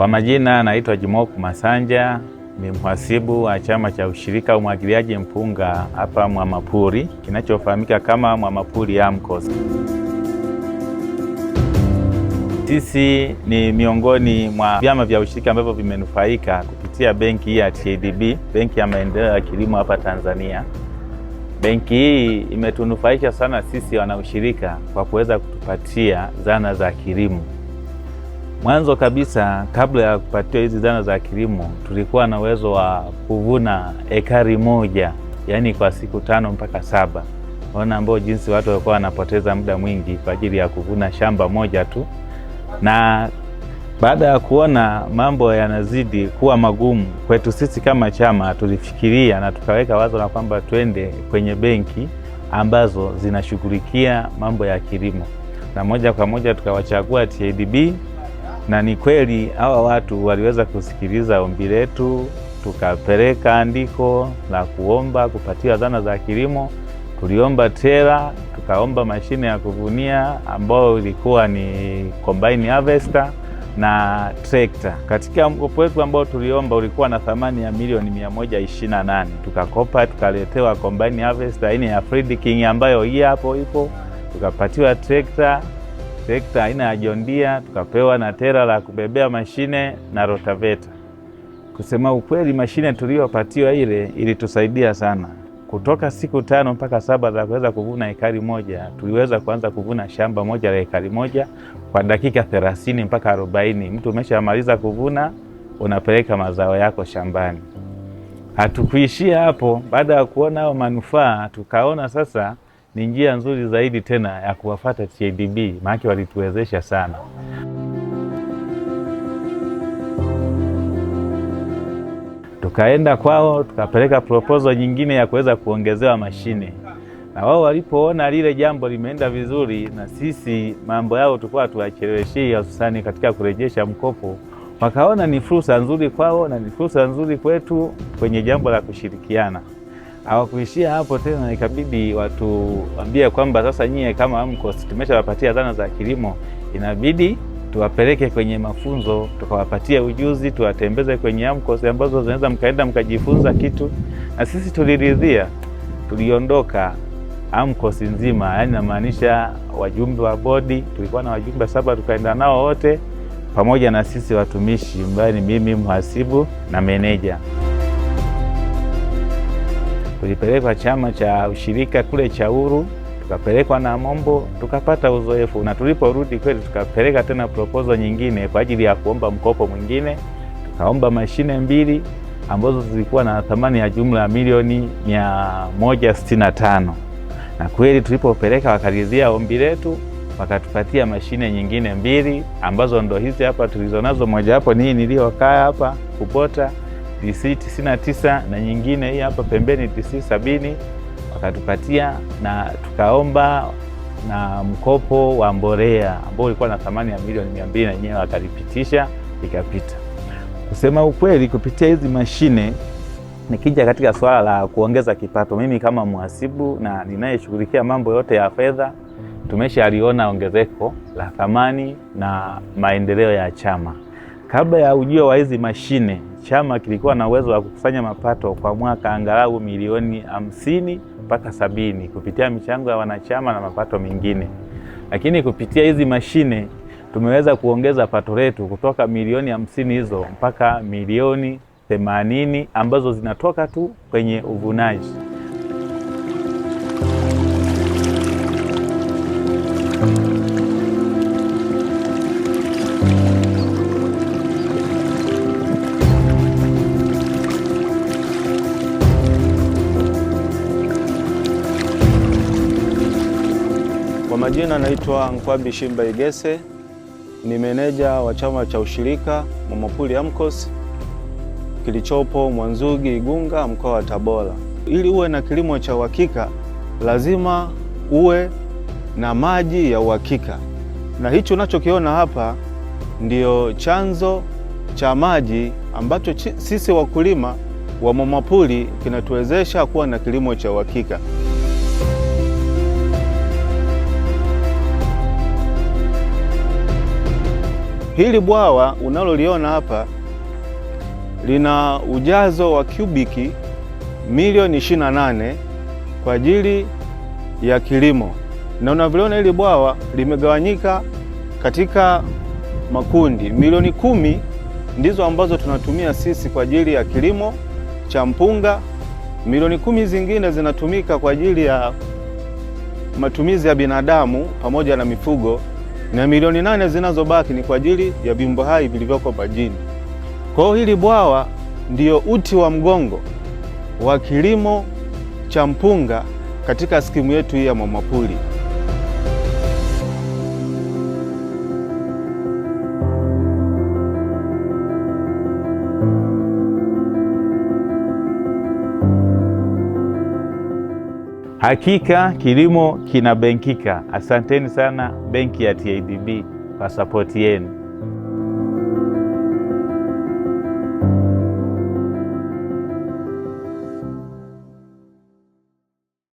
Kwa majina naitwa Jimoku Masanja, ni mhasibu wa chama cha ushirika umwagiliaji mpunga hapa mwamapuri kinachofahamika kama mwamapuri AMCOS. Sisi ni miongoni mwa vyama vya ushirika ambavyo vimenufaika kupitia benki hii ya TADB, benki ya maendeleo ya kilimo hapa Tanzania. Benki hii imetunufaisha sana sisi wanaushirika kwa kuweza kutupatia zana za kilimo. Mwanzo kabisa kabla ya kupatiwa hizi zana za kilimo tulikuwa na uwezo wa kuvuna ekari moja, yaani kwa siku tano mpaka saba. Ona ambao jinsi watu walikuwa wanapoteza muda mwingi kwa ajili ya kuvuna shamba moja tu, na baada ya kuona mambo yanazidi kuwa magumu kwetu sisi kama chama, tulifikiria na tukaweka wazo la kwamba twende kwenye benki ambazo zinashughulikia mambo ya kilimo, na moja kwa moja tukawachagua TADB na ni kweli hawa watu waliweza kusikiliza ombi letu, tukapeleka andiko la kuomba kupatiwa zana za kilimo. Tuliomba tela, tukaomba mashine ya kuvunia ambayo ilikuwa ni combine harvester na trekta. Katika mkopo wetu ambao tuliomba ulikuwa na thamani ya milioni nane tukakopa tukaletewa combine harvester aina ya Fred King ambayo hii hapo ipo, tukapatiwa trekta trekta aina ya John Deere, tukapewa na tera la kubebea mashine na rotaveta. Kusema ukweli, mashine tuliyopatiwa ile ilitusaidia sana. Kutoka siku tano mpaka saba za kuweza kuvuna hekari moja, tuliweza kuanza kuvuna shamba moja la hekari moja kwa dakika thelathini mpaka arobaini. Mtu umeshamaliza kuvuna, unapeleka mazao yako shambani. Hatukuishia hapo. Baada ya kuona hao manufaa, tukaona sasa ni njia nzuri zaidi tena ya kuwafata TADB, maana walituwezesha sana. Tukaenda kwao tukapeleka proposal nyingine ya kuweza kuongezewa mashine, na wao walipoona lile jambo limeenda vizuri, na sisi mambo yao tulikuwa tuwacheleweshii, hususani katika kurejesha mkopo, wakaona ni fursa nzuri kwao na ni fursa nzuri kwetu kwenye jambo la kushirikiana. Hawakuishia hapo tena, ikabidi watuambie kwamba sasa nyie kama AMCOS tumeshawapatia zana za kilimo, inabidi tuwapeleke kwenye mafunzo, tukawapatia ujuzi, tuwatembeze kwenye AMCOS ambazo zinaweza mkaenda mkajifunza kitu. Na sisi tuliridhia, tuliondoka AMCOS nzima, yaani namaanisha wajumbe wa bodi, tulikuwa na wajumbe saba, tukaenda nao wote pamoja na sisi watumishi, ambaye ni mimi mhasibu na meneja tulipelekwa chama cha ushirika kule Chauru, tukapelekwa na Mombo, tukapata uzoefu, na tuliporudi kweli tukapeleka tena proposal nyingine kwa ajili ya kuomba mkopo mwingine. Tukaomba mashine mbili ambazo zilikuwa na thamani ya jumla ya milioni mia moja na tano na kweli tulipopeleka wakaridhia ombi letu, wakatupatia mashine nyingine mbili ambazo ndo hizi hapa tulizonazo. Mojawapo nii niliyokaa hapa Kupota. TC 99 na nyingine hii hapa pembeni TC sabini, wakatupatia na tukaomba na mkopo wa mbolea ambao ulikuwa na thamani ya milioni mia mbili na yenyewe akalipitisha ikapita. Kusema ukweli, kupitia hizi mashine nikija katika swala la kuongeza kipato, mimi kama mhasibu na ninayeshughulikia mambo yote ya fedha, tumeshaliona ongezeko la thamani na maendeleo ya chama. Kabla ya ujio wa hizi mashine, chama kilikuwa na uwezo wa kukusanya mapato kwa mwaka angalau milioni hamsini mpaka sabini kupitia michango ya wanachama na mapato mengine, lakini kupitia hizi mashine tumeweza kuongeza pato letu kutoka milioni hamsini hizo mpaka milioni themanini ambazo zinatoka tu kwenye uvunaji. majina naitwa Nkwabi Shimba Igese, ni meneja wa chama cha ushirika Mwamapuli AMCOS kilichopo Mwanzugi Igunga, mkoa wa Tabora. Ili uwe na kilimo cha uhakika, lazima uwe na maji ya uhakika, na hicho unachokiona hapa ndiyo chanzo cha maji ambacho sisi wakulima wa Mwamapuli kinatuwezesha kuwa na kilimo cha uhakika. Hili bwawa unaloliona hapa lina ujazo wa kubiki milioni 28 kwa ajili ya kilimo, na unavyoona hili bwawa limegawanyika katika makundi. Milioni kumi ndizo ambazo tunatumia sisi kwa ajili ya kilimo cha mpunga, milioni kumi zingine zinatumika kwa ajili ya matumizi ya binadamu pamoja na mifugo na milioni nane zinazobaki ni kwa ajili ya viumbe hai vilivyoko majini. Kwa hiyo hili bwawa ndiyo uti wa mgongo wa kilimo cha mpunga katika skimu yetu hii ya Mwamapuli. Hakika kilimo kinabenkika. Asanteni sana benki ya tidb kwa sapoti yenu.